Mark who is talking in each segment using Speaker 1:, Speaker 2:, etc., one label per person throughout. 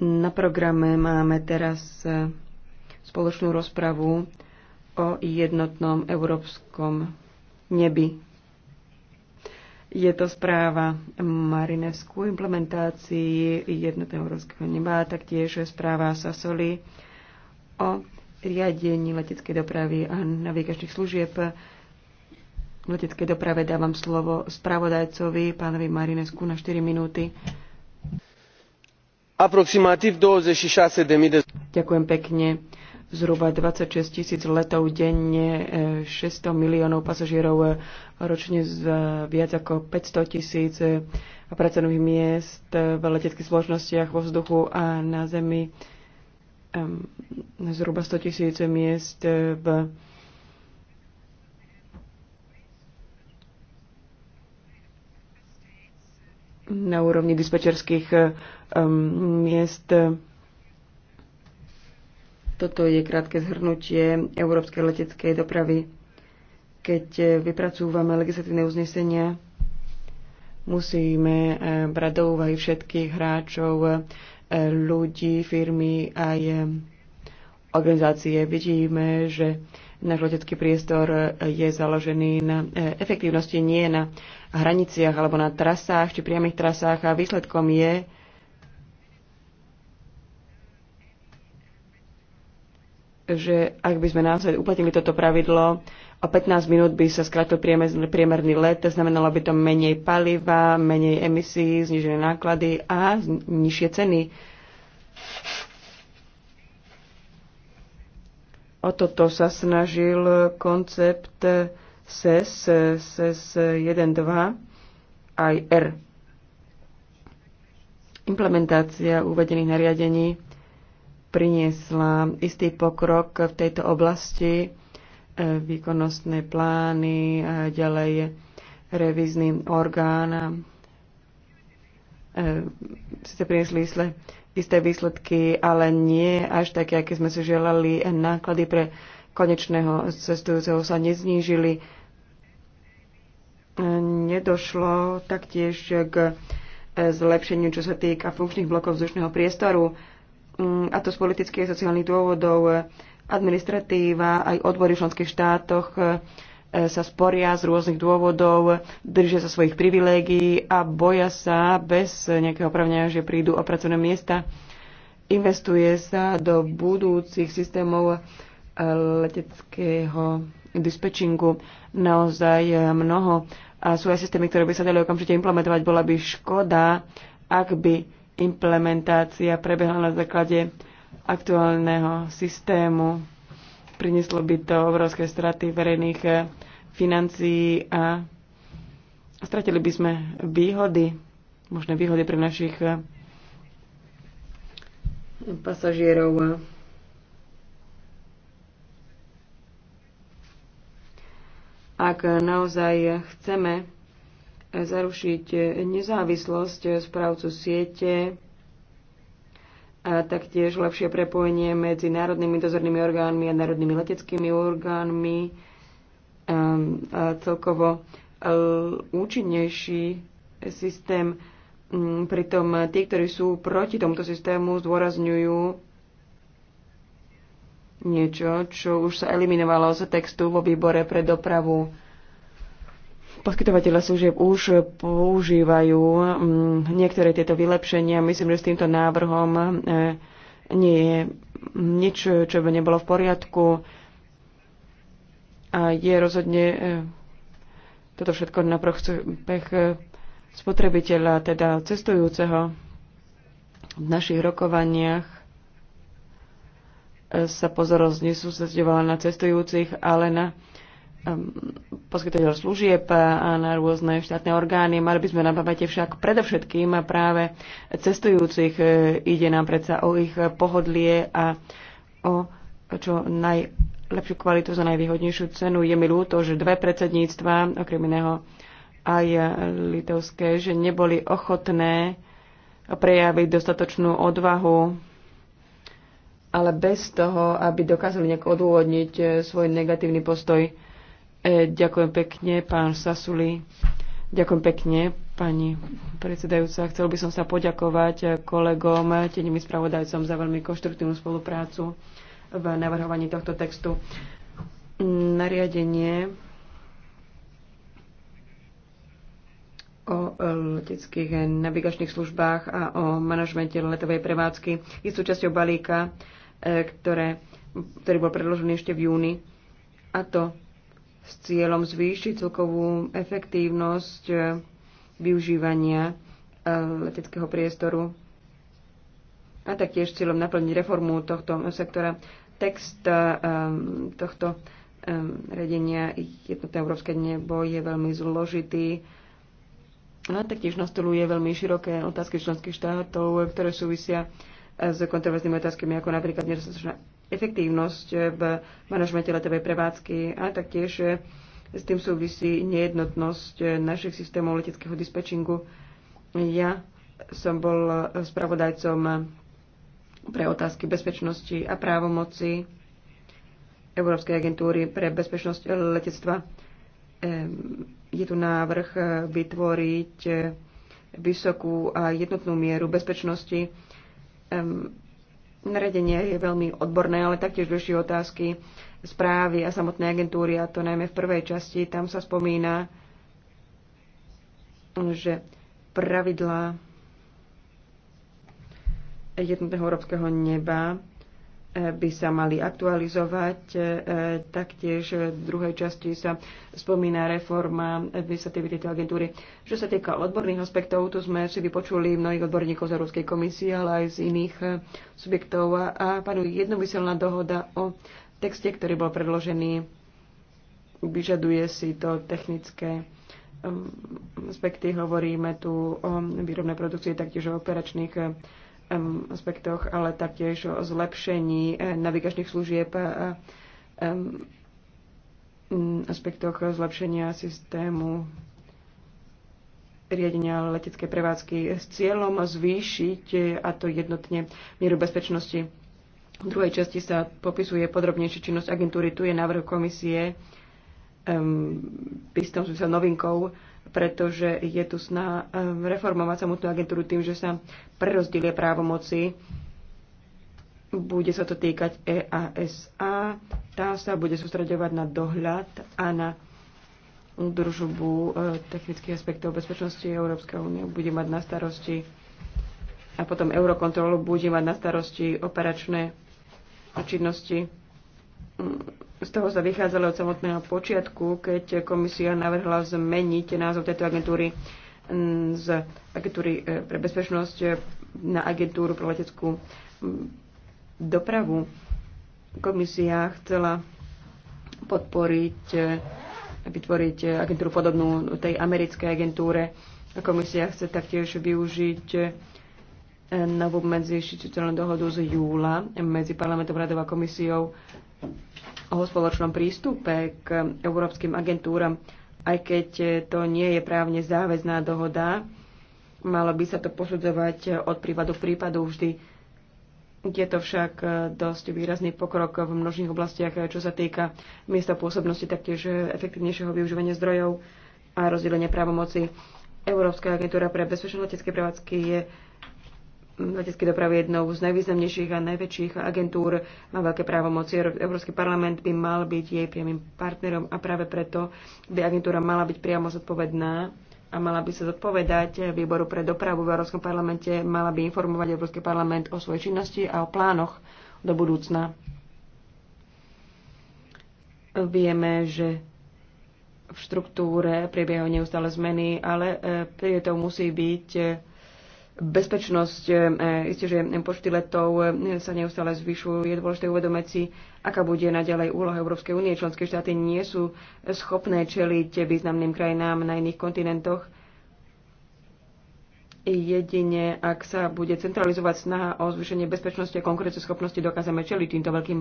Speaker 1: Na programe máme teraz e, spoločnú rozpravu o jednotnom európskom nebi. Je to správa Marinevskú implementácii jednotného európskeho neba, taktiež správa Sasoli o riadení leteckej dopravy a navigačných služieb. V leteckej doprave dávam slovo spravodajcovi, pánovi Marinesku, na 4 minúty
Speaker 2: aproximatív 26
Speaker 1: Ďakujem pekne. Zhruba 26 tisíc letov denne, 600 eh, miliónov pasažierov eh, ročne z viac ako 500 tisíc eh, pracovných miest v leteckých spoločnostiach vo vzduchu a na zemi zhruba 100 tisíc miest v na úrovni dispečerských Um, miest. Toto je krátke zhrnutie európskej leteckej dopravy. Keď eh, vypracúvame legislatívne uznesenia, musíme eh, brať do úvahy všetkých hráčov, eh, ľudí, firmy aj organizácie. Vidíme, že náš letecký priestor je založený na efektívnosti, nie na hraniciach alebo na trasách či priamých trasách a výsledkom je, že ak by sme naozaj uplatnili toto pravidlo, o 15 minút by sa skrátil priemerný let, znamenalo by to menej paliva, menej emisí, znižené náklady a nižšie ceny. O toto sa snažil koncept SES, SES 1.2 aj R. Implementácia uvedených nariadení priniesla istý pokrok v tejto oblasti, e, výkonnostné plány, e, ďalej revizný orgán. E, Sice priniesli isté výsledky, ale nie až také, aké sme si želali. Náklady pre konečného cestujúceho sa neznížili. Nedošlo taktiež k zlepšeniu, čo sa týka funkčných blokov vzdušného priestoru. Mm, a to z politických a sociálnych dôvodov. Administratíva aj odbory v členských štátoch e, sa sporia z rôznych dôvodov, držia sa svojich privilégií a boja sa bez nejakého opravnenia, že prídu o pracovné miesta. Investuje sa do budúcich systémov e, leteckého dispečingu naozaj e, mnoho. A sú aj systémy, ktoré by sa dali okamžite implementovať. Bola by škoda, ak by implementácia prebehla na základe aktuálneho systému. Prinieslo by to obrovské straty verejných eh, financií a stratili by sme výhody, možné výhody pre našich eh, pasažierov. Ak naozaj chceme zarušiť nezávislosť správcu siete a taktiež lepšie prepojenie medzi národnými dozornými orgánmi a národnými leteckými orgánmi ehm, a celkovo e, účinnejší systém. Mm, pritom tí, ktorí sú proti tomuto systému, zdôrazňujú niečo, čo už sa eliminovalo z textu vo výbore pre dopravu. Poskytovateľa služieb už používajú mm, niektoré tieto vylepšenia. Myslím, že s týmto návrhom e, nie je nič, čo by nebolo v poriadku. A je rozhodne e, toto všetko na prospech e, spotrebiteľa, teda cestujúceho. V našich rokovaniach sa pozornosť nesústredovala na cestujúcich, ale na Um, poskytovateľ služieb na rôzne štátne orgány. Mali by sme na pamäte však predovšetkým práve cestujúcich. Ide nám predsa o ich pohodlie a o čo najlepšiu kvalitu za najvýhodnejšiu cenu. Je mi ľúto, že dve predsedníctva, okrem iného aj litovské, že neboli ochotné prejaviť dostatočnú odvahu ale bez toho, aby dokázali nejak odôvodniť svoj negatívny postoj E, ďakujem pekne, pán Sasuli. Ďakujem pekne, pani predsedajúca. Chcel by som sa poďakovať kolegom, tenými spravodajcom za veľmi konštruktívnu spoluprácu v navrhovaní tohto textu. Nariadenie o leteckých navigačných službách a o manažmente letovej prevádzky je súčasťou balíka, e, ktoré, ktorý bol predložený ešte v júni. A to s cieľom zvýšiť celkovú efektívnosť e, využívania e, leteckého priestoru a taktiež cieľom naplniť reformu tohto sektora. Text um, tohto um, redenia jednotné európske nebo je veľmi zložitý a taktiež nastoluje veľmi široké otázky členských štátov, ktoré súvisia s kontroverznými otázkami, ako napríklad nedostatočná efektívnosť v manažmente letovej prevádzky a taktiež eh, s tým súvisí nejednotnosť eh, našich systémov leteckého dispečingu. Ja som bol eh, spravodajcom pre otázky bezpečnosti a právomoci Európskej agentúry pre bezpečnosť letectva. Je tu návrh vytvoriť vysokú a jednotnú mieru bezpečnosti Naredenie je veľmi odborné, ale taktiež rieši otázky správy a samotnej agentúry, a to najmä v prvej časti. Tam sa spomína, že pravidlá jednotného európskeho neba by sa mali aktualizovať. E, taktiež v druhej časti sa spomína reforma administratívy tejto agentúry. Čo sa týka odborných aspektov, tu sme si vypočuli mnohých odborníkov z Európskej komisie, ale aj z iných e, subjektov a panu jednomyselná dohoda o texte, ktorý bol predložený. Vyžaduje si to technické aspekty. Hovoríme tu o výrobnej produkcii, taktiež o operačných Um, aspektoch, ale taktiež o zlepšení eh, navigačných služieb a eh, mm, aspektoch zlepšenia systému riadenia leteckej prevádzky s cieľom zvýšiť, eh, a to jednotne, mieru bezpečnosti. V druhej časti sa popisuje podrobnejšia činnosť agentúry. Tu je návrh komisie um, v istom novinkou pretože je tu snaha eh, reformovať samotnú agentúru tým, že sa prerozdelie právomoci. Bude sa to týkať EASA. Tá sa bude sústredovať na dohľad a na družbu eh, technických aspektov bezpečnosti Európska únie. bude mať na starosti a potom Eurokontrolu bude mať na starosti operačné činnosti mm, z toho sa vychádzalo od samotného počiatku, keď komisia navrhla zmeniť názov tejto agentúry mm, z agentúry e, pre bezpečnosť na agentúru pre leteckú mm, dopravu. Komisia chcela podporiť, e, vytvoriť agentúru podobnú tej americkej agentúre. Komisia chce taktiež využiť e, novú medziinstitucionálnu dohodu z júla medzi parlamentom, radou a komisiou o spoločnom prístupe k európskym agentúram, aj keď to nie je právne záväzná dohoda, malo by sa to posudzovať od prípadu k prípadu vždy. Je to však dosť výrazný pokrok v množných oblastiach, čo sa týka miesta pôsobnosti, taktiež efektívnejšieho využívania zdrojov a rozdelenia právomoci. Európska agentúra pre bezpečné letecké prevádzky je letecké dopravy jednou z najvýznamnejších a najväčších agentúr, má veľké právomoci. Európsky parlament by mal byť jej priamým partnerom a práve preto by agentúra mala byť priamo zodpovedná a mala by sa zodpovedať výboru pre dopravu v Európskom parlamente, mala by informovať Európsky parlament o svojej činnosti a o plánoch do budúcna. Vieme, že v štruktúre prebiehajú neustále zmeny, ale e, tom musí byť e, bezpečnosť, e, e, isté, že počty letov e, sa neustále zvyšujú. Je dôležité uvedomiť si, aká bude naďalej úloha Európskej únie. Členské štáty nie sú schopné čeliť významným krajinám na iných kontinentoch. Jedine, ak sa bude centralizovať snaha o zvýšenie bezpečnosti a schopnosti dokážeme čeliť týmto veľkým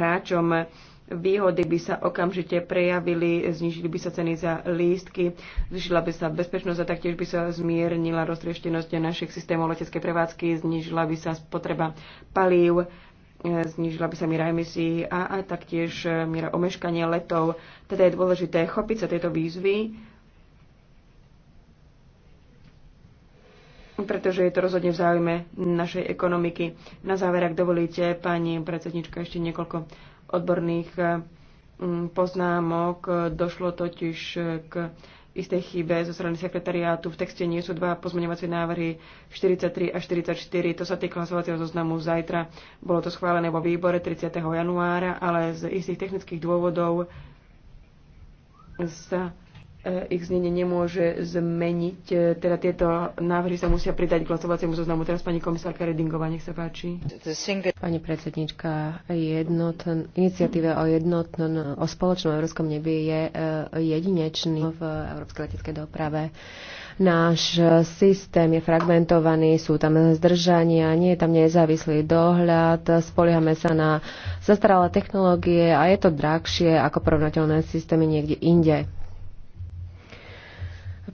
Speaker 1: hráčom výhody by sa okamžite prejavili, znižili by sa ceny za lístky, zvyšila by sa bezpečnosť a taktiež by sa zmiernila roztrieštenosť našich systémov leteckej prevádzky, znižila by sa spotreba palív, e, znižila by sa miera emisí a, a taktiež e, miera omeškania letov. Teda je dôležité chopiť sa tejto výzvy, pretože je to rozhodne v záujme našej ekonomiky. Na záver, ak dovolíte, pani predsednička, ešte niekoľko odborných eh, poznámok. Došlo totiž eh, k istej chybe zo strany sekretariátu. V texte nie sú dva pozmeňovacie návrhy 43 a 44. To sa týka hlasovacieho zoznamu zajtra. Bolo to schválené vo výbore 30. januára, ale z istých technických dôvodov sa E, ich znenie nemôže zmeniť. E, teda tieto návrhy sa musia pridať k hlasovaciemu zoznamu. Teraz pani komisárka Redingová, nech sa páči.
Speaker 2: Pani predsednička, jednotn, iniciatíva o jednotnom, o spoločnom európskom nebi je e, jedinečný v európskej leteckej doprave. Náš systém je fragmentovaný, sú tam zdržania, nie je tam nezávislý dohľad, spoliehame sa na zastaralé technológie a je to drahšie ako porovnateľné systémy niekde inde.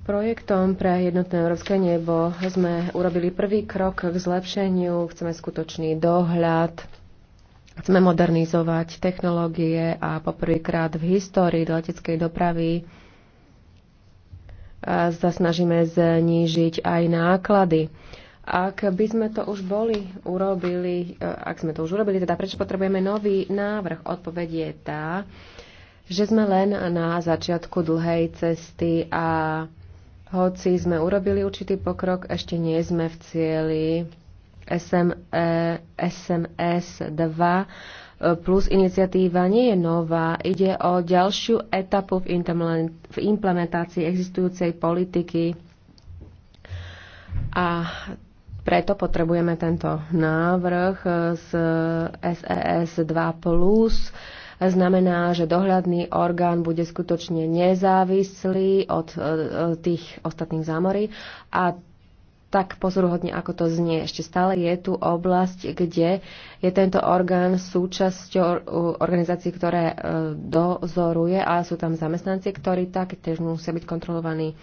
Speaker 2: Projektom pre jednotné európske nebo sme urobili prvý krok k zlepšeniu. Chceme skutočný dohľad, chceme modernizovať technológie a poprvýkrát v histórii leteckej dopravy e, sa snažíme znížiť aj náklady. Ak by sme to už boli urobili, e, ak sme to už urobili, teda prečo potrebujeme nový návrh? Odpoveď je tá, že sme len na začiatku dlhej cesty a hoci sme urobili určitý pokrok, ešte nie sme v cieli SME, SMS 2 e, plus iniciatíva nie je nová. Ide o ďalšiu etapu v implementácii existujúcej politiky a preto potrebujeme tento návrh e, z SES 2+, e znamená, že dohľadný orgán bude skutočne nezávislý od e, e, tých ostatných zámorí a tak pozoruhodne, ako to znie. Ešte stále je tu oblasť, kde je tento orgán súčasťou organizácií, ktoré e, dozoruje, a sú tam zamestnanci, ktorí tak tiež musia byť kontrolovaní.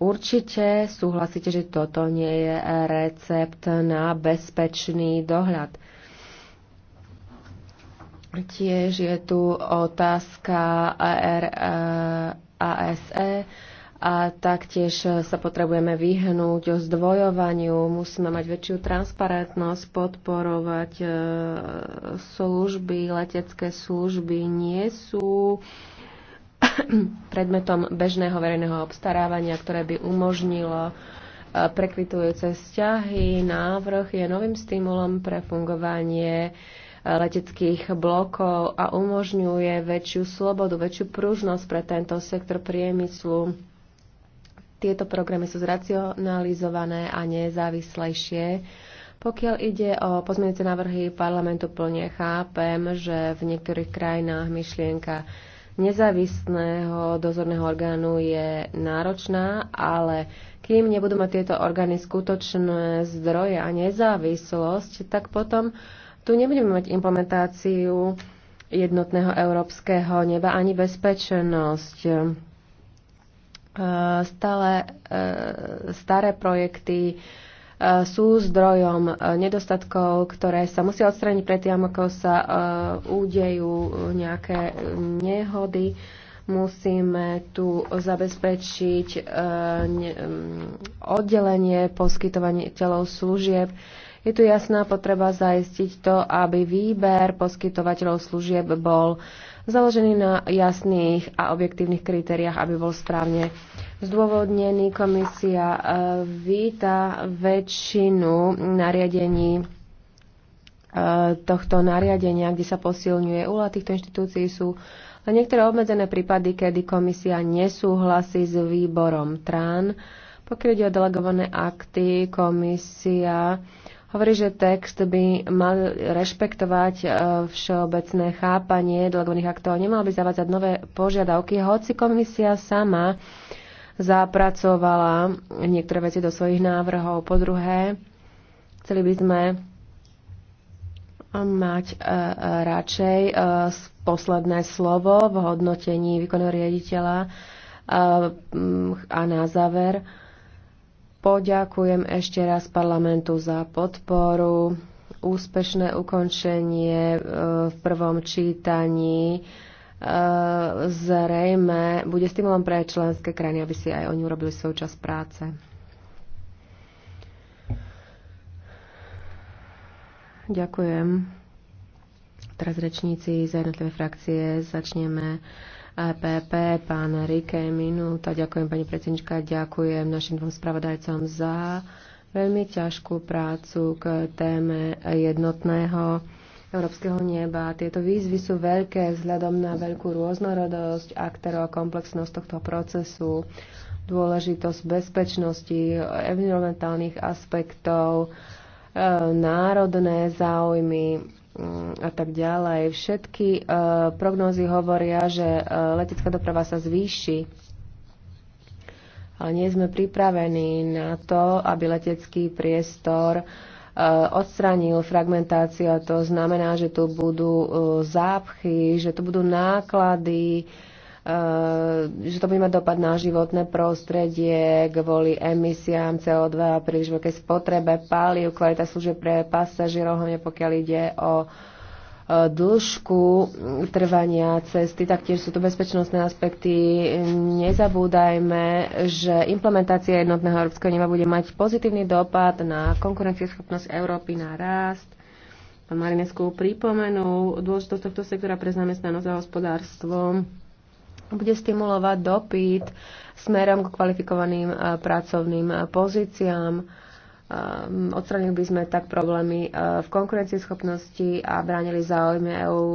Speaker 2: Určite súhlasíte, že toto nie je recept na bezpečný dohľad. Tiež je tu otázka AR, eh, ASE a taktiež sa potrebujeme vyhnúť o zdvojovaniu, musíme mať väčšiu transparentnosť, podporovať eh, služby, letecké služby nie sú predmetom bežného verejného obstarávania, ktoré by umožnilo eh, prekvitujúce vzťahy. Návrh je novým stimulom pre fungovanie leteckých blokov a umožňuje väčšiu slobodu, väčšiu pružnosť pre tento sektor priemyslu. Tieto programy sú zracionalizované a nezávislejšie. Pokiaľ ide o pozmeňujúce návrhy parlamentu, plne chápem, že v niektorých krajinách myšlienka nezávislého dozorného orgánu je náročná, ale kým nebudú mať tieto orgány skutočné zdroje a nezávislosť, tak potom uh, tu nebudeme mať implementáciu jednotného európskeho neba ani bezpečnosť. E, stále e, staré projekty e, sú zdrojom nedostatkov, ktoré sa musia odstrániť predtým, ako sa údejú nejaké nehody. Musíme tu zabezpečiť oddelenie telov služieb je tu jasná potreba zaistiť to, aby výber poskytovateľov služieb bol založený na jasných a objektívnych kritériách, aby bol správne zdôvodnený. Komisia e, víta väčšinu nariadení e, tohto nariadenia, kde sa posilňuje úľa týchto inštitúcií sú len niektoré obmedzené prípady, kedy komisia nesúhlasí s výborom TRAN. Pokiaľ ide o delegované akty, komisia Hovorí, že text by mal rešpektovať e, všeobecné chápanie delegovaných aktov, nemal by zavádzať nové požiadavky, hoci komisia sama zapracovala niektoré veci do svojich návrhov. Po druhé, chceli by sme mať e, radšej e, posledné slovo v hodnotení výkonného riaditeľa a na záver Poďakujem ešte raz parlamentu za podporu, úspešné ukončenie e, v prvom čítaní e, zrejme bude stimulom pre členské krajiny, aby si aj oni urobili svoju časť práce. Ďakujem. Teraz rečníci za jednotlivé frakcie začneme EPP, pán Rike, minúta. Ďakujem, pani predsednička, ďakujem našim dvom spravodajcom za veľmi ťažkú prácu k téme jednotného európskeho neba. Tieto výzvy sú veľké vzhľadom na veľkú rôznorodosť aktérov a komplexnosť tohto procesu, dôležitosť bezpečnosti, environmentálnych aspektov, e, národné záujmy a tak ďalej. Všetky e, prognózy hovoria, že e, letecká doprava sa zvýši, ale nie sme pripravení na to, aby letecký priestor e, odstranil fragmentáciu a to znamená, že tu budú zápchy, že tu budú náklady, Eh, že to bude mať dopad na životné prostredie kvôli emisiám CO2 a príliš veľkej spotrebe palív, kvalita služieb pre pasažierov, hlavne pokiaľ ide o eh, dĺžku trvania cesty, taktiež sú to bezpečnostné aspekty. Nezabúdajme, že implementácia jednotného európskeho neba bude mať pozitívny dopad na konkurencieschopnosť Európy, na rast. Pán Marinesku pripomenul dôležitosť tohto sektora pre zamestnanosť a hospodárstvo bude stimulovať dopyt smerom k kvalifikovaným e, pracovným e, pozíciám. E, odstranili by sme tak problémy v konkurencieschopnosti a bránili záujmy EÚ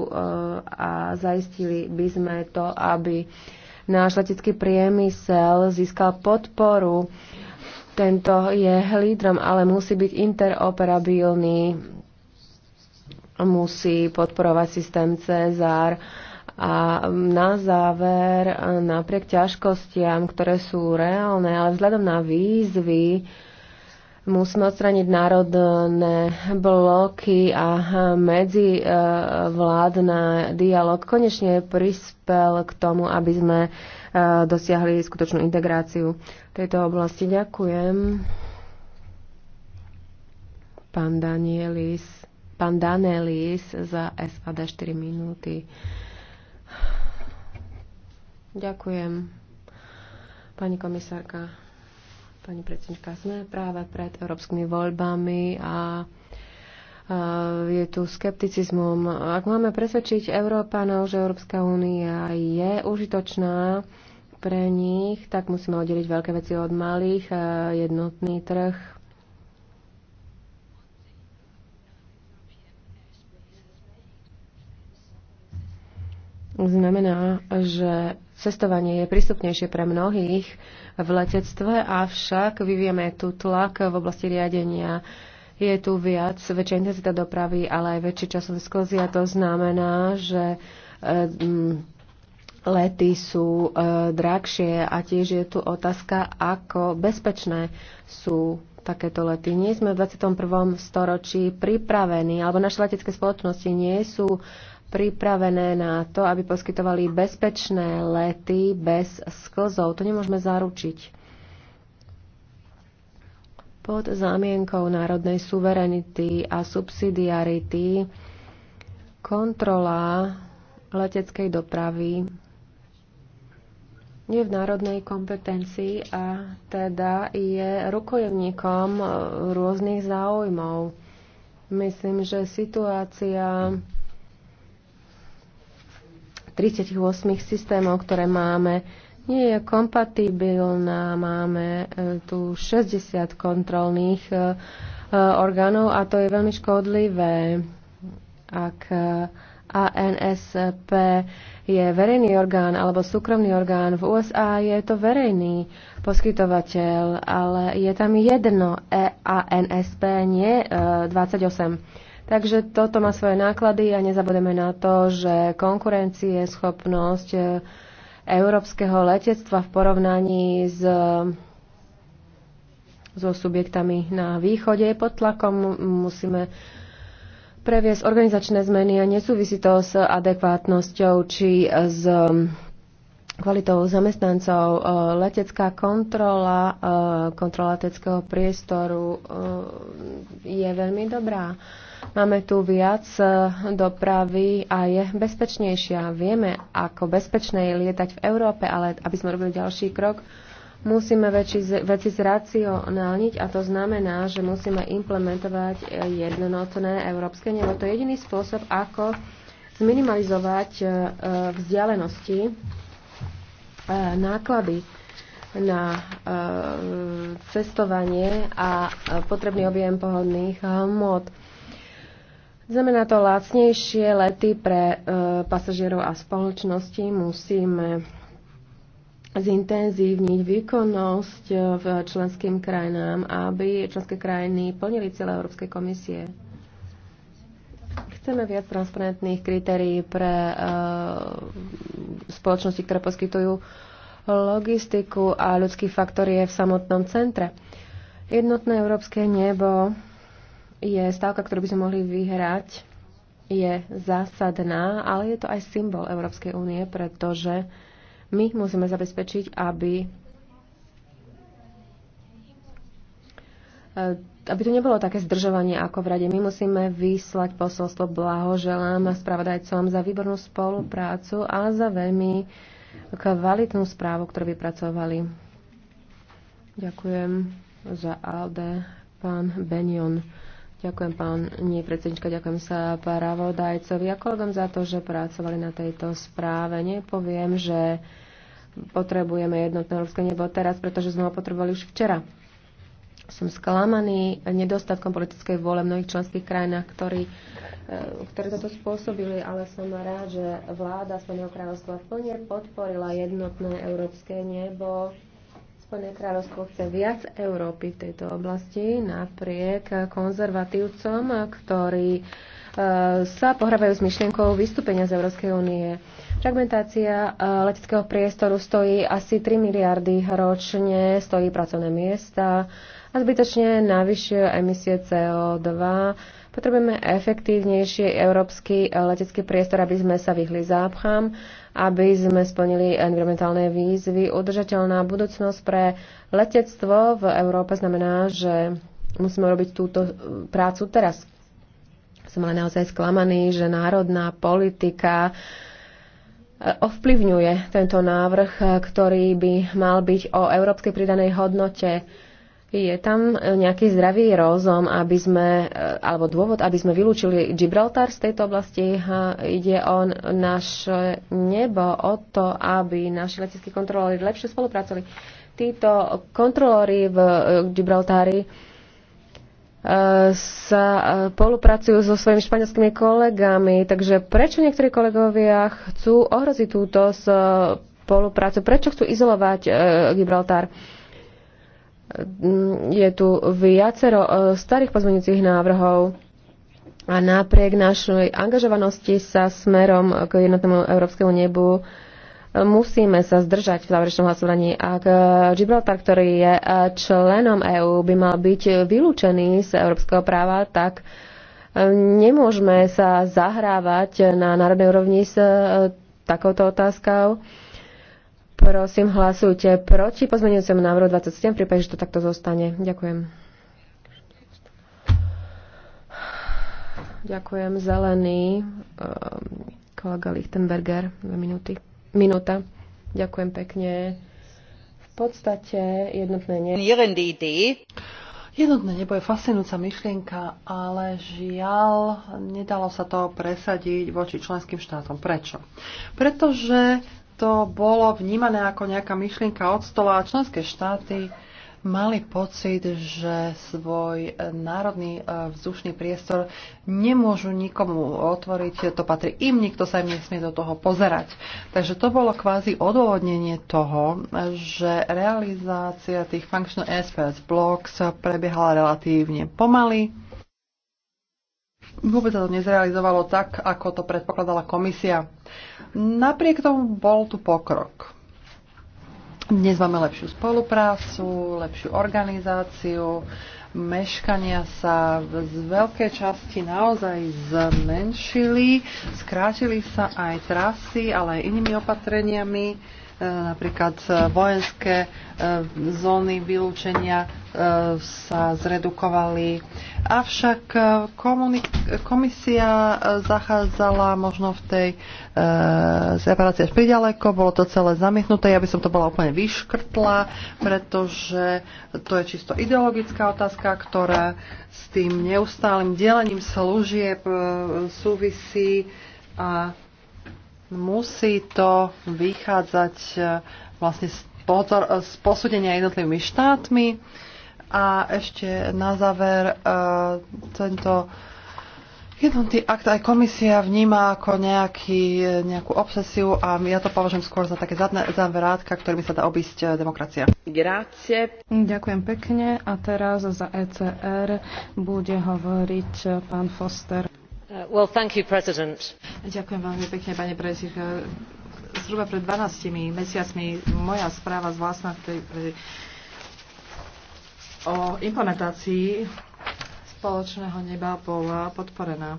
Speaker 2: a zaistili by sme to, aby náš letecký priemysel získal podporu. Tento je lídrom, ale musí byť interoperabilný, musí podporovať systém CESAR, a na záver, napriek ťažkostiam, ktoré sú reálne, ale vzhľadom na výzvy, musíme odstraniť národné bloky a medzivládna dialog konečne prispel k tomu, aby sme e, dosiahli skutočnú integráciu tejto oblasti. Ďakujem. Pán Danielis, pán Danelis za SAD 4 minúty. Ďakujem. Pani komisárka, pani predsednička, sme práve pred európskymi voľbami a je tu skepticizmom. Ak máme presvedčiť Európanov, že Európska únia je užitočná pre nich, tak musíme oddeliť veľké veci od malých. Jednotný trh znamená, že cestovanie je prístupnejšie pre mnohých v letectve, avšak vyvieme tu tlak v oblasti riadenia. Je tu viac, väčšia intenzita dopravy, ale aj väčšie časové sklzy a to znamená, že eh, lety sú eh, drahšie a tiež je tu otázka, ako bezpečné sú takéto lety. Nie sme v 21. storočí pripravení, alebo naše letecké spoločnosti nie sú pripravené na to, aby poskytovali bezpečné lety bez sklzov. To nemôžeme zaručiť. Pod zámienkou národnej suverenity a subsidiarity kontrola leteckej dopravy je v národnej kompetencii a teda je rukojemníkom rôznych záujmov. Myslím, že situácia 38 systémov, ktoré máme, nie je kompatibilná. Máme e, tu 60 kontrolných e, e, orgánov a to je veľmi škodlivé. Ak ANSP je verejný orgán alebo súkromný orgán. V USA je to verejný poskytovateľ, ale je tam jedno ANSP, nie 28. Takže toto má svoje náklady a nezabudeme na to, že konkurencie, schopnosť eh, európskeho letectva v porovnaní s eh, so subjektami na východe je pod tlakom. Musíme previesť organizačné zmeny a nesúvisí to s adekvátnosťou či s eh, kvalitou zamestnancov, letecká kontrola, kontrola leteckého priestoru je veľmi dobrá. Máme tu viac e, dopravy a je bezpečnejšia. Vieme, ako bezpečné je lietať v Európe, ale aby sme robili ďalší krok, musíme veci, veci zracionálniť a to znamená, že musíme implementovať e, jednotné európske nebo. To je jediný spôsob, ako zminimalizovať e, vzdialenosti náklady na cestovanie a potrebný objem pohodných hmot. Znamená to lacnejšie lety pre e, pasažierov a spoločnosti. Musíme zintenzívniť výkonnosť e, v členským krajinám, aby členské krajiny plnili cieľe Európskej komisie. Chceme viac transparentných kritérií pre e, spoločnosti, ktoré poskytujú logistiku a ľudský faktor je v samotnom centre. Jednotné európske nebo je stávka, ktorú by sme mohli vyhrať, je zásadná, ale je to aj symbol Európskej únie, pretože my musíme zabezpečiť, aby eh, aby to nebolo také zdržovanie ako v rade. My musíme vyslať posolstvo blahoželám a spravodajcom za výbornú spoluprácu a za veľmi kvalitnú správu, ktorú vypracovali. Ďakujem za ALDE, pán Benion. Ďakujem pán nie predsednička, ďakujem sa pravodajcovi a kolegom za to, že pracovali na tejto správe. Nepoviem, že potrebujeme jednotné európske nebo teraz, pretože sme ho potrebovali už včera. Som sklamaný nedostatkom politickej vôle v mnohých členských krajinách, ktorí eh, ktoré toto spôsobili, ale som rád, že vláda Spojeného kráľovstva plne podporila jednotné európske nebo Spojené kráľovstvo chce viac Európy v tejto oblasti napriek konzervatívcom, ktorí e, sa pohrávajú s myšlienkou vystúpenia z Európskej únie. Fragmentácia e, leteckého priestoru stojí asi 3 miliardy ročne, stojí pracovné miesta a zbytočne navyšuje emisie CO2. Potrebujeme efektívnejší európsky letecký priestor, aby sme sa vyhli zápchám aby sme splnili environmentálne výzvy. Udržateľná budúcnosť pre letectvo v Európe znamená, že musíme robiť túto e, prácu teraz. Som ale naozaj sklamaný, že národná politika e, ovplyvňuje tento návrh, e, ktorý by mal byť o európskej pridanej hodnote je tam e, nejaký zdravý rozum, aby sme, e, alebo dôvod, aby sme vylúčili Gibraltar z tejto oblasti. Ide o naše nebo, o to, aby naši leteckí kontrolóri lepšie spolupracovali. Títo kontrolóri v e, Gibraltári sa spolupracujú so svojimi španielskými kolegami, takže prečo niektorí kolegovia chcú ohroziť túto spoluprácu, prečo chcú izolovať Gibraltár? Mm, je tu viacero e, starých pozmeňujúcich návrhov a napriek našej angažovanosti sa smerom k jednotnému európskemu nebu e, musíme sa zdržať v záverečnom hlasovaní. Ak e, Gibraltar, ktorý je členom EÚ, by mal byť vylúčený z európskeho práva, tak nemôžeme sa zahrávať na národnej úrovni s takouto otázkou. Prosím, hlasujte proti pozmeňujúcemu návrhu 27, v prípade, že to takto zostane. Ďakujem. Ďakujem. Zelený, ehm, kolega Lichtenberger, dve minúty. Minúta. Ďakujem pekne. V podstate
Speaker 3: jednotné nie. Jednotné nebo je fascinujúca myšlienka, ale žiaľ, nedalo sa to presadiť voči členským štátom. Prečo? Pretože to bolo vnímané ako nejaká myšlienka od stola a členské štáty mali pocit, že svoj národný e, vzdušný priestor nemôžu nikomu otvoriť, to patrí im, nikto sa im nesmie do toho pozerať. Takže to bolo kvázi odôvodnenie toho, že realizácia tých Functional SPS Blocks prebiehala relatívne pomaly, vôbec sa to nezrealizovalo tak, ako to predpokladala komisia. Napriek tomu bol tu pokrok. Dnes máme lepšiu spoluprácu, lepšiu organizáciu, meškania sa z veľkej časti naozaj zmenšili, skrátili sa aj trasy, ale aj inými opatreniami napríklad e, vojenské e, zóny vylúčenia e, sa zredukovali. Avšak komisia zachádzala možno v tej separácii až priďaleko, bolo to celé zamietnuté, ja by som to bola úplne vyškrtla, pretože to je čisto ideologická otázka, ktorá s tým neustálym delením služieb súvisí a Musí to vychádzať e, vlastne z, posúdenia jednotlivými štátmi. A ešte na záver e, tento jednotný akt aj komisia vníma ako nejaký, e, nejakú obsesiu a ja to považujem skôr za také záverátka, ktorými sa dá obísť demokracia. Grazie.
Speaker 4: Ďakujem pekne a teraz za ECR bude hovoriť pán Foster.
Speaker 5: Uh, Ďakujem veľmi pekne, Zhruba pred 12 mesiacmi moja správa z vlastnej o implementácii spoločného neba bola podporená.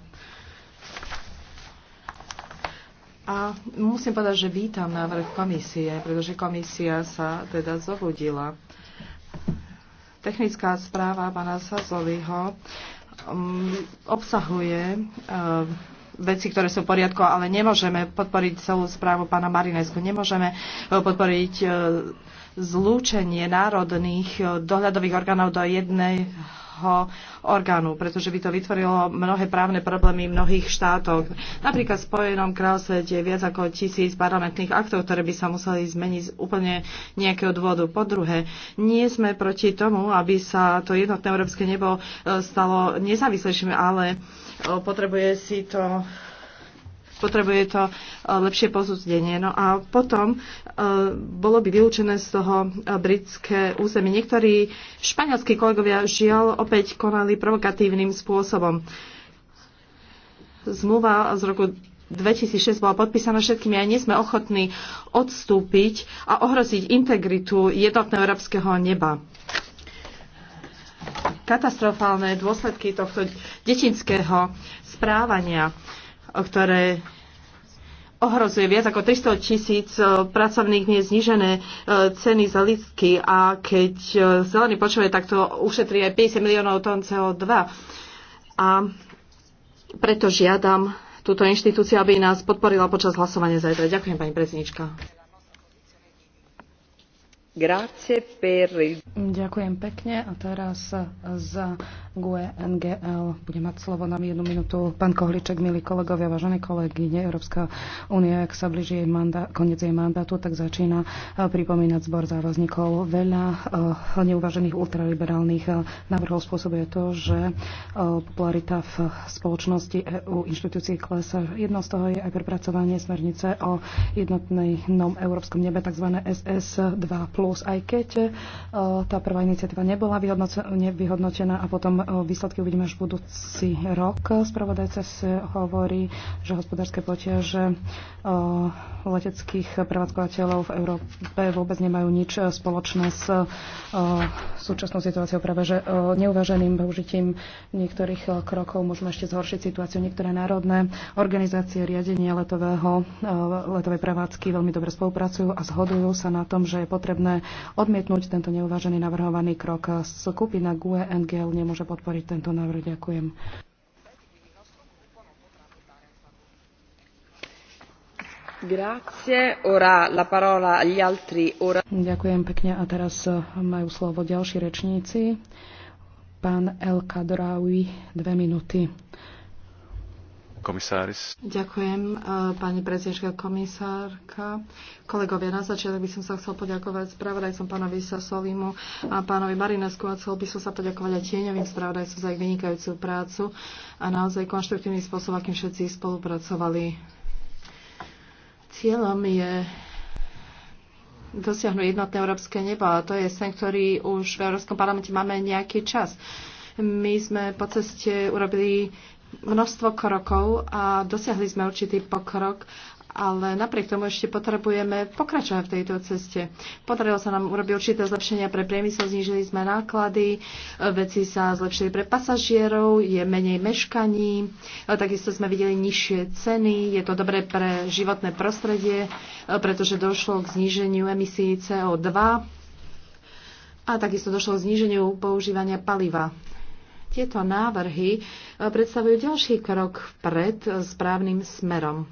Speaker 5: A musím povedať, že vítam návrh komisie, pretože komisia sa teda zobudila. Technická správa pána Sazoliho Um, obsahuje uh, veci, ktoré sú v poriadku, ale nemôžeme podporiť celú správu pána Marinesku. Nemôžeme uh, podporiť uh, zlúčenie národných dohľadových orgánov do jednej právneho orgánu, pretože by to vytvorilo mnohé právne problémy v mnohých štátoch. Napríklad v Spojenom kráľovstve je viac ako tisíc parlamentných aktov, ktoré by sa museli zmeniť z úplne nejakého dôvodu. Po druhé, nie sme proti tomu, aby sa to jednotné európske nebo e, stalo nezávislejším, ale e, potrebuje si to potrebuje to e, lepšie posúdenie. No a potom e, bolo by vylúčené z toho e, britské územie. Niektorí španielskí kolegovia žiaľ opäť konali provokatívnym spôsobom. Zmluva z roku 2006 bola podpísaná všetkými a nie sme ochotní odstúpiť a ohroziť integritu jednotného európskeho neba. Katastrofálne dôsledky tohto detinského správania ktoré ohrozuje viac ako 300 tisíc e, pracovných miest, znižené e, ceny za lístky a keď e, zelený počuje, tak to ušetrí aj 50 miliónov tón CO2. A preto žiadam túto inštitúciu, aby nás podporila počas hlasovania zajtra.
Speaker 4: Ďakujem, pani prezidentka.
Speaker 5: Ďakujem
Speaker 4: pekne a teraz za GUE NGL bude mať slovo na jednu minútu pán Kohliček, milí kolegovia, vážené kolegyne. Európska únia, ak sa blíži jej manda- koniec jej mandátu, tak začína eh, pripomínať zbor závazníkov. Veľa eh, neuvažených ultraliberálnych eh, návrhov spôsobuje to, že popularita v spoločnosti EU inštitúcií klesa. Jedno z toho je aj prepracovanie smernice o jednotnej nom európskom nebe, tzv. SS2+ plus, aj keď e, tá prvá iniciatíva nebola vyhodnotená a potom e, výsledky uvidíme až budúci rok. Spravodajca si hovorí, že hospodárske potiaže e, leteckých prevádzkovateľov v Európe vôbec nemajú nič spoločné s súčasnou situáciou. Práve že neuvaženým použitím niektorých krokov môžeme ešte zhoršiť situáciu. Niektoré národné organizácie riadenia letového, letovej prevádzky veľmi dobre spolupracujú a zhodujú sa na tom, že je potrebné odmietnúť tento neuvážený navrhovaný krok. Skupina GUE NGL nemôže podporiť tento návrh. Ďakujem.
Speaker 1: Ora, Ora...
Speaker 4: Ďakujem pekne a teraz eh, majú slovo ďalší rečníci. Pán El Kadraoui, dve minúty komisáris.
Speaker 5: Ďakujem, eh, pani prezidentka komisárka. Kolegovia, na začiatok by som sa chcel poďakovať spravodajcom pánovi Sasolimu a pánovi Marinesku a chcel by som sa poďakovať aj tieňovým spravodajcom za ich vynikajúcu prácu a naozaj konštruktívny spôsob, akým všetci spolupracovali. Cieľom je dosiahnuť jednotné európske nebo a to je sen, ktorý už v Európskom parlamente máme nejaký čas my sme po ceste urobili množstvo krokov a dosiahli sme určitý pokrok, ale napriek tomu ešte potrebujeme pokračovať v tejto ceste. Podarilo sa nám urobiť určité zlepšenia pre priemysel, znížili sme náklady, veci sa zlepšili pre pasažierov, je menej meškaní, takisto sme videli nižšie ceny, je to dobré pre životné prostredie, pretože došlo k zníženiu emisí CO2 a takisto došlo k zníženiu používania paliva. Tieto návrhy e, predstavujú ďalší krok vpred správnym smerom. E,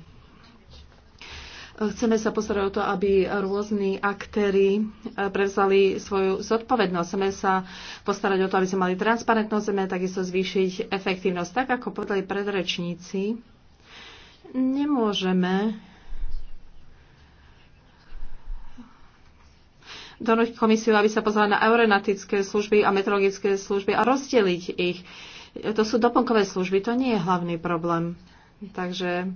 Speaker 5: chceme sa postarať o to, aby rôzni aktéry e, prevzali svoju zodpovednosť. Chceme sa postarať o to, aby sme mali transparentnosť, chceme takisto zvýšiť efektívnosť. Tak ako povedali predrečníci, nemôžeme donúť komisiu, aby sa pozvala na aeronatické služby a meteorologické služby a rozdeliť ich. To sú doplnkové služby, to nie je hlavný problém. Takže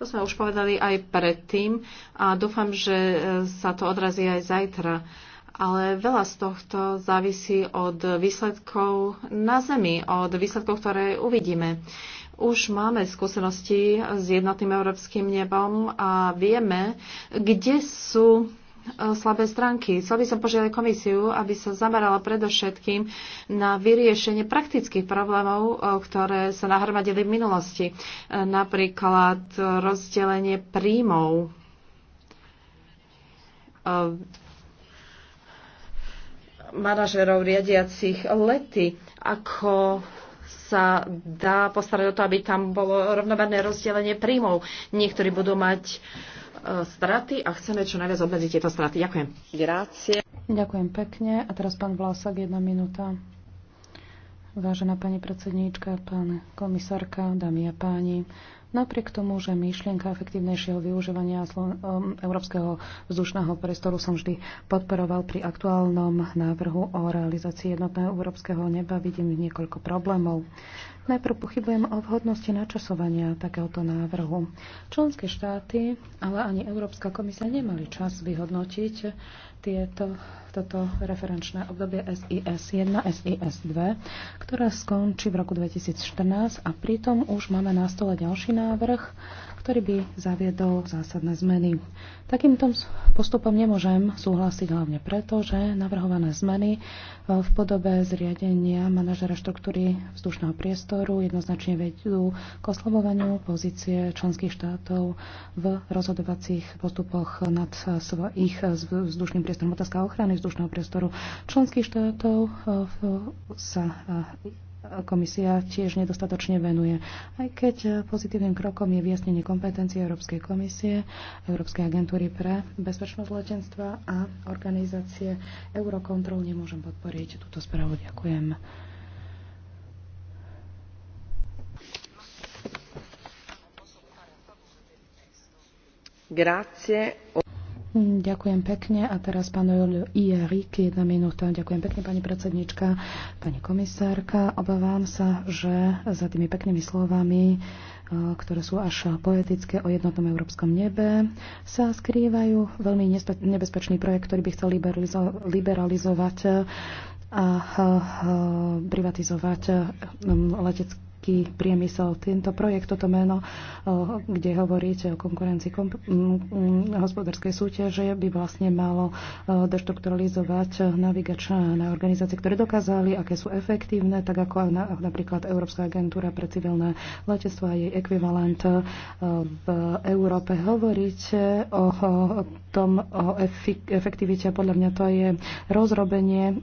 Speaker 5: to sme už povedali aj predtým a dúfam, že e, sa to odrazí aj zajtra. Ale veľa z tohto závisí od výsledkov na Zemi, od výsledkov, ktoré uvidíme. Už máme skúsenosti s jednotným európskym nebom a vieme, kde sú Eh, slabé stránky. Chcel by som požiadať komisiu, aby sa zamerala predovšetkým na vyriešenie praktických problémov, eh, ktoré sa nahromadili v minulosti. Eh, napríklad rozdelenie príjmov manažerov riadiacich lety, ako sa dá postarať o to, aby tam bolo rovnomerné rozdelenie príjmov. Niektorí budú mať uh, straty a chceme čo najviac obmedziť tieto straty. Ďakujem. Grácie.
Speaker 4: Ďakujem pekne. A teraz pán Vlásak, jedna minúta. Vážená pani predsedníčka, pán komisárka, dámy a páni, Napriek tomu, že myšlienka efektívnejšieho využívania um, európskeho vzdušného priestoru som vždy podporoval pri aktuálnom návrhu o realizácii jednotného európskeho neba, vidím niekoľko problémov. Najprv pochybujem o vhodnosti načasovania takéhoto návrhu. Členské štáty, ale ani Európska komisia nemali čas vyhodnotiť tieto, toto referenčné obdobie SIS 1, SIS 2, ktoré skončí v roku 2014 a pritom už máme na stole ďalší návrh, ktorý by zaviedol zásadné zmeny. Takýmto postupom nemôžem súhlasiť hlavne preto, že navrhované zmeny e, v podobe zriadenia manažera štruktúry vzdušného priestoru jednoznačne vedú k oslabovaniu pozície členských štátov v rozhodovacích postupoch nad ich vzdušným priestorom. Otázka ochrany vzdušného priestoru členských štátov e, sa e, komisia tiež nedostatočne venuje. Aj keď e, pozitívnym krokom je vyjasnenie kompetencie Európskej komisie, Európskej agentúry pre bezpečnosť letenstva a organizácie Eurocontrol, nemôžem podporiť túto správu. Ďakujem.
Speaker 5: Grazie.
Speaker 4: Hm, ďakujem pekne. A teraz pán Iarik, jedna minúta. Ďakujem pekne, pani predsednička, pani komisárka. Obávam sa, že za tými peknými slovami, e, ktoré sú až poetické o jednotnom európskom nebe, sa skrývajú veľmi nebezpečný projekt, ktorý by chcel liberalizo- liberalizovať a e, e, privatizovať letecké letecký priemysel. Tento projekt, toto meno, kde hovoríte o konkurencii hospodárskej súťaže, by vlastne malo deštrukturalizovať navigačné organizácie, ktoré dokázali, aké sú efektívne, tak ako napríklad Európska agentúra pre civilné letectvo a jej ekvivalent v Európe. Hovoríte o tom, o efektivite podľa mňa to je rozrobenie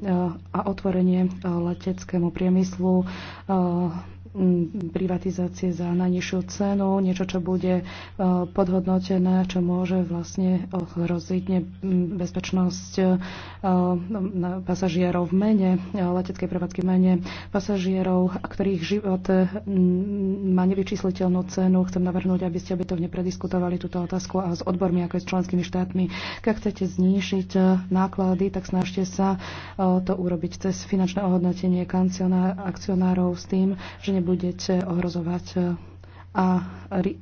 Speaker 4: a otvorenie leteckému priemyslu privatizácie za najnižšiu cenu, niečo, čo bude e, podhodnotené, čo môže vlastne ohroziť bezpečnosť e, pasažierov v mene, e, leteckej prevádzky v mene pasažierov, ktorých život má nevyčísliteľnú cenu. Chcem navrhnúť, aby ste obytovne prediskutovali túto otázku a s odbormi, ako aj s členskými štátmi. Keď chcete znížiť náklady, tak snažte sa to urobiť cez finančné ohodnotenie akcionárov s tým, že nebudete ohrozovať e, a e,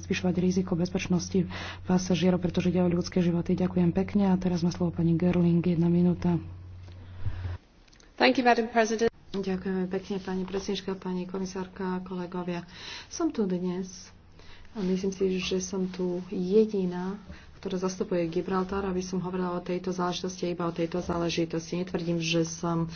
Speaker 4: zvyšovať riziko bezpečnosti pasažierov, pretože ide o ľudské životy. Ďakujem pekne a teraz má slovo pani Gerling, jedna minúta.
Speaker 5: Thank you, Madam President. Ďakujeme pekne, pani predsednička, pani komisárka, kolegovia. Som tu dnes a myslím si, že som tu jediná, ktorá zastupuje Gibraltar, aby som hovorila o tejto záležitosti, iba o tejto záležitosti. Netvrdím, že som uh,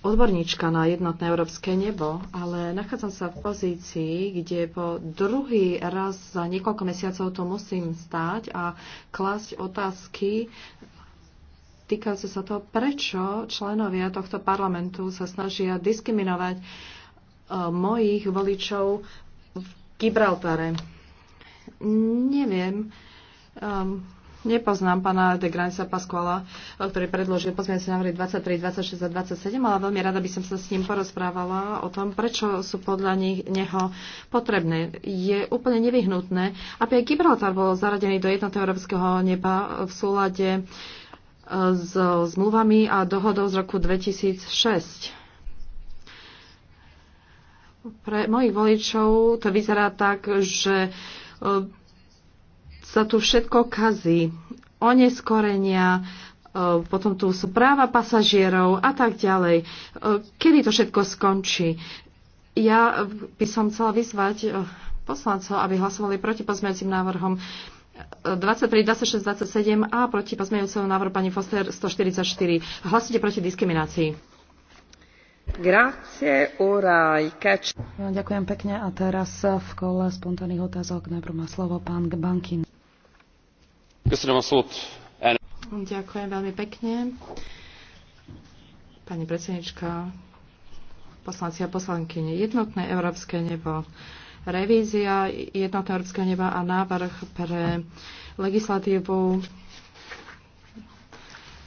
Speaker 5: odborníčka na jednotné európske nebo, ale nachádzam sa v pozícii, kde po druhý raz za niekoľko mesiacov to musím stáť a klásť otázky týkajúce sa toho, prečo členovia tohto parlamentu sa snažia diskriminovať e, mojich voličov v Gibraltare. Neviem, um, Nepoznám pána de Granisa Pasquala, ktorý predložil pozmeňujúce návrhy 23, 26 a 27, ale veľmi rada by som sa s ním porozprávala o tom, prečo sú podľa nich, neho potrebné. Je úplne nevyhnutné, aby aj Gibraltar bol zaradený do jednotného európskeho neba v súlade e, s zmluvami a dohodou z roku 2006. Pre mojich voličov to vyzerá tak, že e, sa tu všetko kazí. Oneskorenia, e, potom tu sú práva pasažierov a tak ďalej. E, kedy to všetko skončí? Ja by som chcela vyzvať e, poslancov, aby hlasovali proti pozmeňujúcim návrhom 23, 26, 27 a proti pozmeňujúcemu návrhu pani Foster 144. Hlasujte proti diskriminácii. Grazie,
Speaker 4: Ďakujem pekne a teraz v kole spontánnych otázok najprv má slovo pán Bankin. Ďakujem veľmi pekne.
Speaker 5: Pani predsednička, poslanci a poslankyne, jednotné európske nebo, revízia jednotného európskeho neba a návrh pre legislatívu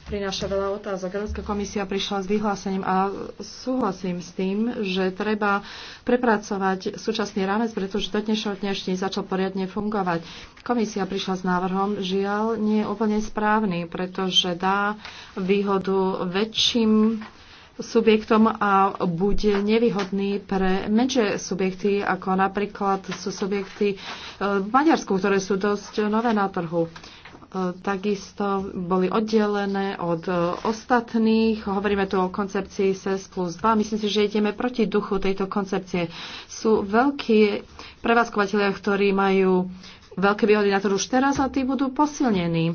Speaker 5: prináša veľa otázok. Európska komisia prišla s vyhlásením a súhlasím s tým, že treba prepracovať súčasný rámec, pretože do dnešného dnešní začal poriadne fungovať. Komisia prišla s návrhom, žiaľ, nie je úplne správny, pretože dá výhodu väčším subjektom a bude nevýhodný pre menšie subjekty, ako napríklad sú subjekty v Maďarsku, ktoré sú dosť nové na trhu takisto boli oddelené od e, ostatných. Hovoríme tu o koncepcii SES plus 2. Myslím si, že ideme proti duchu tejto koncepcie. Sú veľkí prevádzkovateľia, ktorí majú veľké výhody na trhu už teraz a tí budú posilnení. E,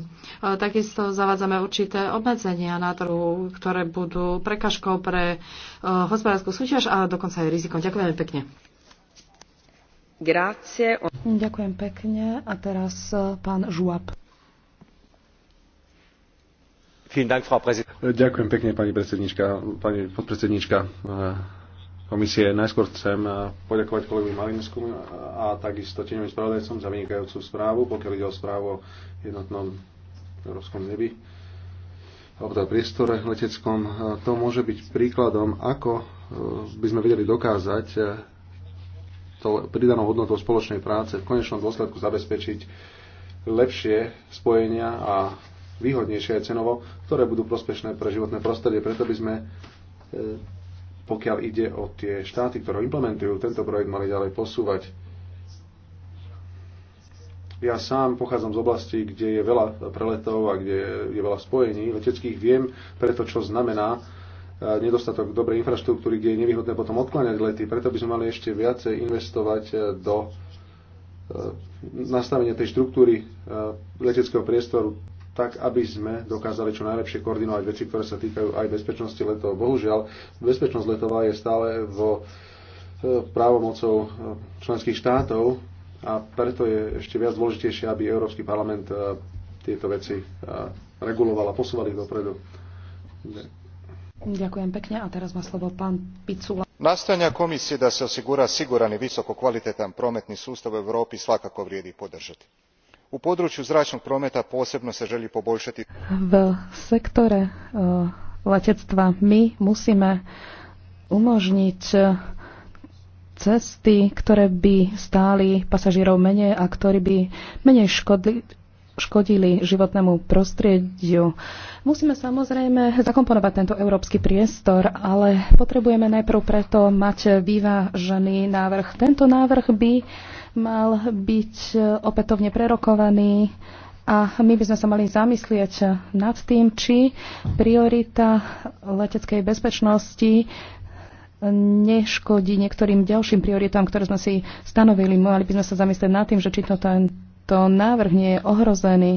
Speaker 5: takisto zavádzame určité obmedzenia na trhu, ktoré budú prekažkou pre e, hospodárskú súťaž a dokonca aj rizikom. Ďakujeme pekne.
Speaker 4: Grácie. Ďakujem pekne. A teraz pán Žuab.
Speaker 6: Ďakujem pekne, pani predsednička, pani podpredsednička eh, komisie. Najskôr chcem eh, poďakovať kolegovi Malinsku eh, a takisto tieňovým spravodajcom za vynikajúcu správu, pokiaľ ide o správu o jednotnom európskom nebi teda priestore leteckom, to môže byť príkladom, ako by sme vedeli dokázať to pridanou hodnotou spoločnej práce v konečnom dôsledku zabezpečiť lepšie spojenia a výhodnejšie aj cenovo, ktoré budú prospešné pre životné prostredie. Preto by sme, e, pokiaľ ide o tie štáty, ktoré implementujú tento projekt, mali ďalej posúvať. Ja sám pochádzam z oblasti, kde je veľa preletov a kde je veľa spojení leteckých. Viem preto, čo znamená e, nedostatok dobrej infraštruktúry, kde je nevýhodné potom odkláňať lety. Preto by sme mali ešte viacej investovať e, do nastavenia tej štruktúry leteckého priestoru tak aby sme dokázali čo najlepšie koordinovať veci, ktoré sa týkajú aj bezpečnosti letov. Bohužiaľ, bezpečnosť letová je stále vo e, právomocou e, členských štátov a preto je ešte viac dôležitejšie, aby Európsky parlament e, tieto veci reguloval a posúval ich dopredu.
Speaker 4: Ďakujem pekne a teraz má slovo pán Picula.
Speaker 6: Nastojanja komisije da se osigura siguran i visoko kvalitetan prometni sustav u Europi svakako vrijedi podržati u području zračnog prometa posebno sa želi poboljšati
Speaker 4: v sektore e, letectva my musíme umožniť cesty, ktoré by stáli pasažierov menej a ktorí by menej škodli, škodili životnému prostrediu. Musíme samozrejme zakomponovať tento európsky priestor, ale potrebujeme najprv preto mať vyvážený návrh. Tento návrh by mal byť e, opätovne prerokovaný a my by sme sa mali zamyslieť nad tým, či priorita leteckej bezpečnosti neškodí niektorým ďalším prioritám, ktoré sme si stanovili. Mali by sme sa zamyslieť nad tým, že či to tento návrh nie je ohrozený,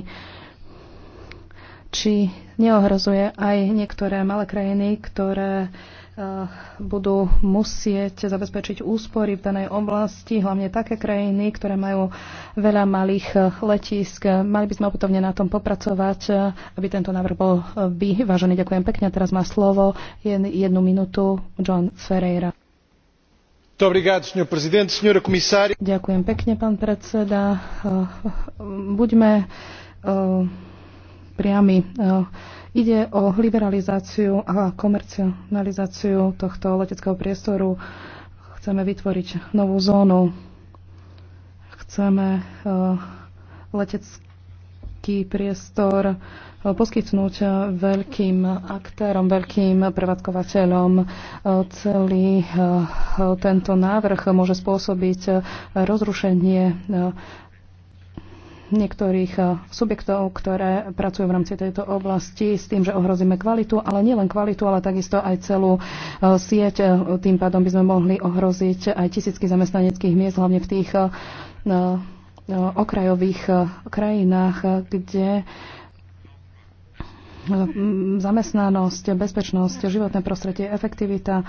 Speaker 4: či neohrozuje aj niektoré malé krajiny, ktoré uh, Eh, budú musieť zabezpečiť úspory v danej oblasti, hlavne také krajiny, ktoré majú veľa malých eh, letísk. Mali by sme opätovne na tom popracovať, eh, aby tento návrh bol vyvážený. Ďakujem pekne. Teraz má slovo jednu minútu John Ferreira. Ďakujem pekne, pán predseda. Buďme priami Ide o liberalizáciu a komercionalizáciu tohto leteckého priestoru. Chceme vytvoriť novú zónu. Chceme eh, letecký priestor eh, poskytnúť eh, veľkým aktérom, veľkým prevádzkovateľom. Celý tento návrh môže spôsobiť rozrušenie niektorých eh, subjektov, ktoré pracujú v rámci tejto oblasti s tým, že ohrozíme kvalitu, ale nielen kvalitu, ale takisto aj celú eh, sieť. Eh, tým pádom by sme mohli ohroziť aj tisícky zamestnaneckých miest, hlavne v tých okrajových krajinách, kde zamestnanosť, bezpečnosť, životné prostredie, efektivita,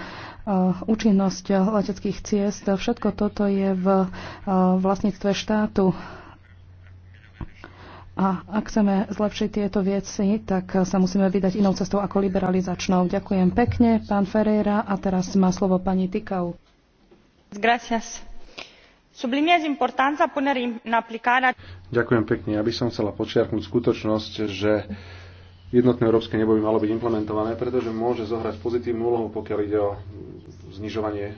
Speaker 4: účinnosť leteckých ciest, všetko toto je v vlastníctve štátu a ak chceme zlepšiť tieto veci, tak sa musíme vydať inou cestou ako liberalizačnou. Ďakujem pekne, pán Ferreira. A teraz má slovo pani Tikau.
Speaker 1: Gracias. Subliniez importanța punerii în aplicare.
Speaker 6: Ďakujem pekne. Ja by som chcela počiarknúť skutočnosť, že jednotné európske nebo by malo byť implementované, pretože môže zohrať pozitívnu úlohu, pokiaľ ide o znižovanie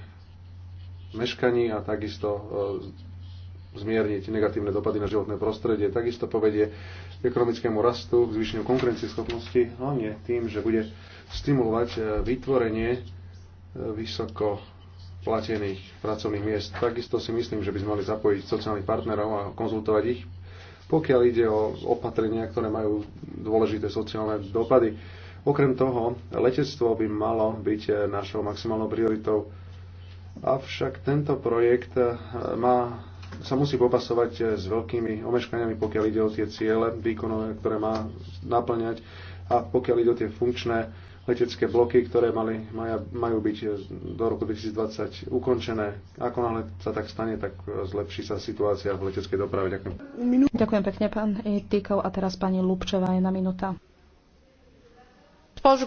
Speaker 6: meškaní a takisto e, zmierniť negatívne dopady na životné prostredie. Takisto povedie k ekonomickému rastu, k zvýšeniu konkurencieschopnosti, hlavne tým, že bude stimulovať e, vytvorenie e, vysoko platených pracovných miest. Takisto si myslím, že by sme mali zapojiť sociálnych partnerov a konzultovať ich, pokiaľ ide o opatrenia, ktoré majú dôležité sociálne dopady. Okrem toho, letectvo by malo byť e, našou maximálnou prioritou. Avšak tento projekt má sa musí popasovať eh, s veľkými omeškaniami, pokiaľ ide o tie ciele výkonové, ktoré má naplňať a pokiaľ ide o tie funkčné letecké bloky, ktoré mali, maja, majú byť eh, do roku 2020 ukončené. Ako náhle sa tak stane, tak eh, zlepší sa situácia v leteckej doprave. Ďakujem.
Speaker 4: Ďakujem pekne, pán Týkov. A teraz pani Lubčová, jedna minúta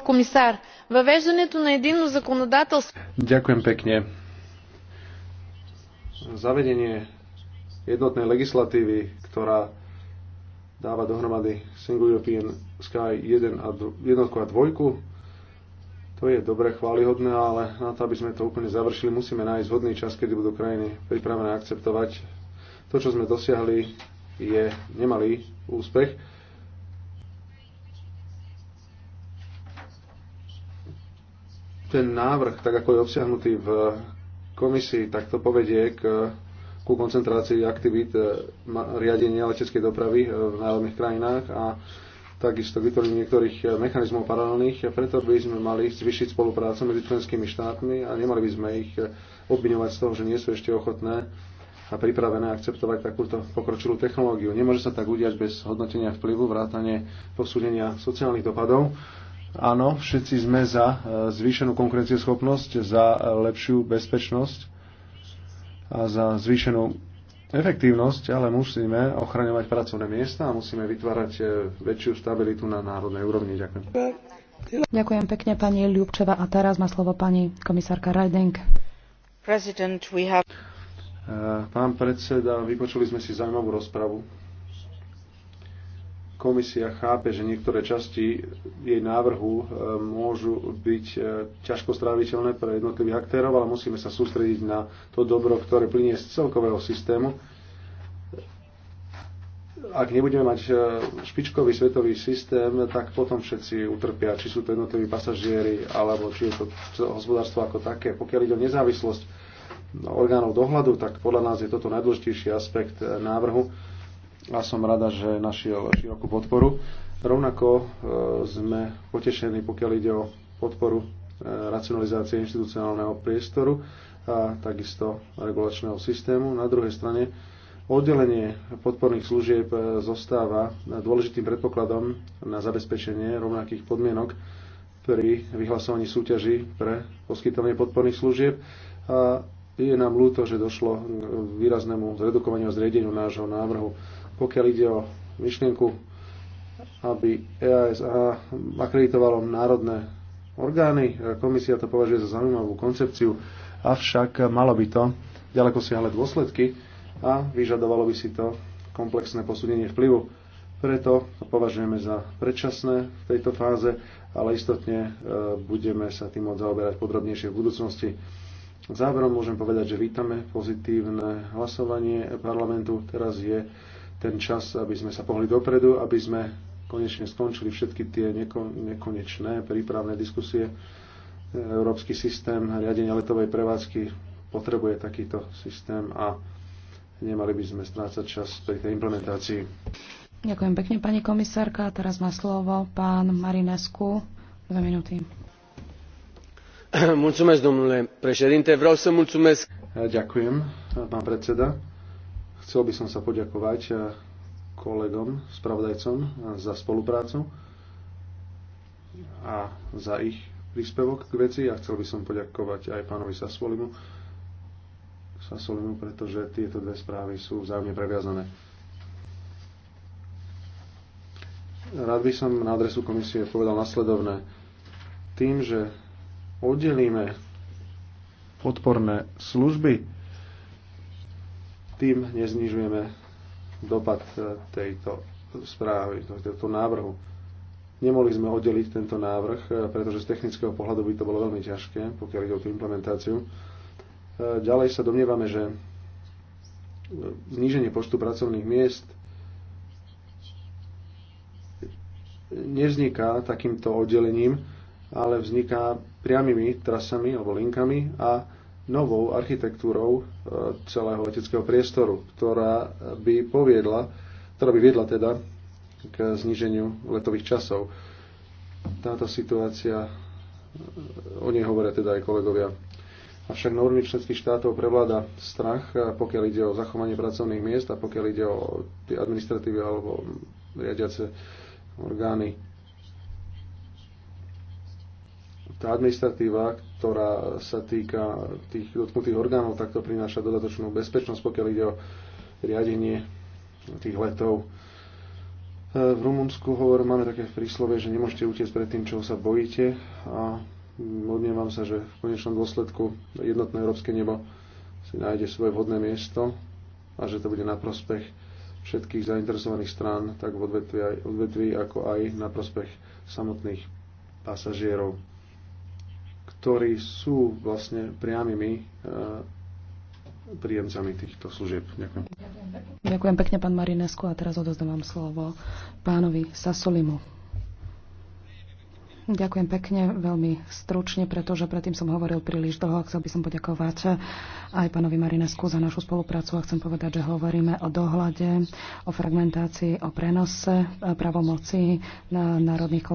Speaker 4: komisár, комисар tu na jedinú законодателство
Speaker 6: Ďakujem pekne. Zavedenie jednotnej legislatívy, ktorá dáva dohromady Single European Sky 1 a jednotku a dvojku. To je dobre chválihodné, ale na to, aby sme to úplne završili, musíme nájsť vhodný čas, kedy budú krajiny pripravené akceptovať. To, čo sme dosiahli, je nemalý úspech. Ten návrh, tak ako je obsiahnutý v komisii, tak to povedie k ku koncentrácii aktivít e, riadenia leteckej dopravy e, v národných krajinách a takisto vytvorenie niektorých e, mechanizmov paralelných. A preto by sme mali zvyšiť spoluprácu medzi členskými štátmi a nemali by sme ich obviňovať z toho, že nie sú ešte ochotné a pripravené akceptovať takúto pokročilú technológiu. Nemôže sa tak udiať bez hodnotenia vplyvu, vrátane posúdenia sociálnych dopadov. Áno, všetci sme za zvýšenú konkurencieschopnosť, za lepšiu bezpečnosť a za zvýšenú efektívnosť, ale musíme ochraňovať pracovné miesta a musíme vytvárať e, väčšiu stabilitu na národnej úrovni. Ďakujem.
Speaker 4: Ďakujem pekne pani Ľubčeva a teraz má slovo pani komisárka Rajdeng.
Speaker 6: Have... E, pán predseda, vypočuli sme si zaujímavú rozpravu komisia chápe, že niektoré časti jej návrhu e, môžu byť e, ťažko stráviteľné pre jednotlivých aktérov, ale musíme sa sústrediť na to dobro, ktoré plinie z celkového systému. Ak nebudeme mať e, špičkový svetový systém, tak potom všetci utrpia, či sú to jednotliví pasažieri, alebo či je to hospodárstvo ako také. Pokiaľ ide o nezávislosť no, orgánov dohľadu, tak podľa nás je toto najdôležitejší aspekt návrhu a som rada, že našiel širokú podporu. Rovnako e, sme potešení, pokiaľ ide o podporu e, racionalizácie inštitucionálneho priestoru a takisto regulačného systému. Na druhej strane oddelenie podporných služieb e, zostáva dôležitým predpokladom na zabezpečenie rovnakých podmienok pri vyhlasovaní súťaží pre poskytovanie podporných služieb. A je nám ľúto, že došlo k výraznému zredukovaniu a zriedeniu nášho návrhu pokiaľ ide o myšlienku, aby EASA akreditovalo národné orgány. Komisia to považuje za zaujímavú koncepciu, avšak malo by to ďaleko siahle dôsledky a vyžadovalo by si to komplexné posúdenie vplyvu. Preto to považujeme za predčasné v tejto fáze, ale istotne e, budeme sa tým zaoberať podrobnejšie v budúcnosti. Záverom môžem povedať, že vítame pozitívne hlasovanie parlamentu. Teraz je ten čas, aby sme sa pohli dopredu, aby sme konečne skončili všetky tie neko, nekonečné prípravné diskusie. Európsky systém riadenia letovej prevádzky potrebuje takýto systém a nemali by sme strácať čas pri tej implementácii.
Speaker 4: Ďakujem pekne, pani komisárka. Teraz má slovo pán Marinescu. Dve minúty.
Speaker 6: Mulțumesc, domnule președinte. Vreau să mulțumesc. Ďakujem, pán predseda. Chcel by som sa poďakovať eh, kolegom, spravodajcom eh, za spoluprácu a za ich príspevok k veci a chcel by som poďakovať aj pánovi Sasolimu, Sasolimu, pretože tieto dve správy sú vzájomne previazané. Rád by som na adresu komisie povedal nasledovné. Tým, že oddelíme podporné služby, tým neznižujeme dopad e, tejto správy, tohto návrhu. Nemohli sme oddeliť tento návrh, e, pretože z technického pohľadu by to bolo veľmi ťažké, pokiaľ ide o tú implementáciu. E, ďalej sa domnievame, že zníženie počtu pracovných miest nevzniká takýmto oddelením, ale vzniká priamými trasami alebo linkami a novou architektúrou e, celého leteckého priestoru, ktorá by poviedla, ktorá by viedla teda k zniženiu letových časov. Táto situácia, e, o nej hovoria teda aj kolegovia. Avšak na úrovni členských štátov prevláda strach, e, pokiaľ ide o zachovanie pracovných miest a pokiaľ ide o tie administratívy alebo riadiace orgány tá administratíva, ktorá sa týka tých dotknutých orgánov, tak to prináša dodatočnú bezpečnosť, pokiaľ ide o riadenie tých letov. E, v Rumunsku hovor máme také príslovie, že nemôžete utiecť pred tým, čoho sa bojíte a odnievam sa, že v konečnom dôsledku jednotné európske nebo si nájde svoje vhodné miesto a že to bude na prospech všetkých zainteresovaných strán, tak v odvetví ako aj na prospech samotných pasažierov ktorí sú vlastne priamými eh, príjemcami týchto služieb. Ďakujem.
Speaker 4: Ďakujem pekne, pán Marinesku, a teraz odozdávam slovo pánovi Sasolimu. Ďakujem pekne, veľmi stručne, pretože predtým som hovoril príliš dlho. Chcel by som poďakovať aj pánovi Marinesku za našu spoluprácu a chcem povedať, že hovoríme o dohľade, o fragmentácii, o prenose pravomoci na národných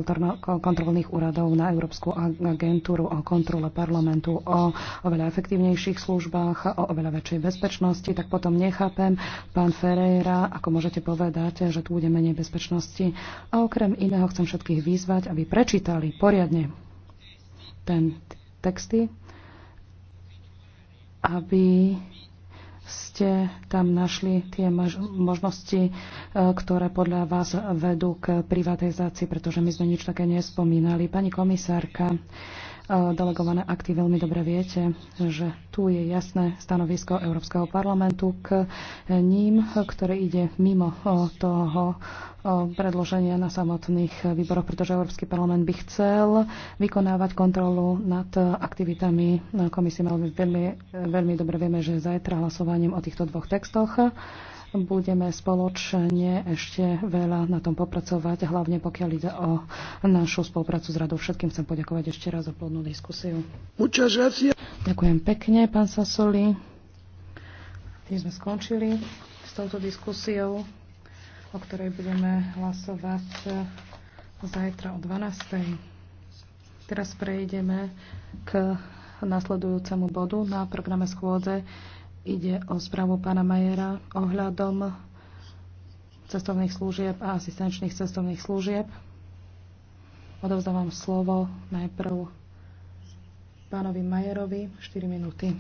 Speaker 4: kontrolných úradov na Európsku agentúru, o kontrole parlamentu, o oveľa efektívnejších službách, o oveľa väčšej bezpečnosti. Tak potom nechápem, pán Ferreira, ako môžete povedať, že tu bude menej bezpečnosti. A okrem iného chcem všetkých vyzvať, aby prečítali vypracovali poriadne ten texty, aby ste tam našli tie možnosti, e, ktoré podľa vás vedú k privatizácii, pretože my sme nič také nespomínali. Pani komisárka, delegované akty veľmi dobre viete, že tu je jasné stanovisko Európskeho parlamentu k ním, ktoré ide mimo toho predloženia na samotných výboroch, pretože Európsky parlament by chcel vykonávať kontrolu nad aktivitami komisie. Veľmi, veľmi dobre vieme, že zajtra hlasovaním o týchto dvoch textoch budeme spoločne ešte veľa na tom popracovať, hlavne pokiaľ ide o našu spoluprácu s radou. Všetkým chcem poďakovať ešte raz za plodnú diskusiu. Ďakujem pekne, pán Sasoli. Tým sme skončili s touto diskusiou, o ktorej budeme hlasovať zajtra o 12. Teraz prejdeme k nasledujúcemu bodu na programe schôdze Ide o správu pána Majera ohľadom cestovných služieb a asistenčných cestovných služieb. Odovzdávam slovo najprv pánovi Majerovi 4 minúty.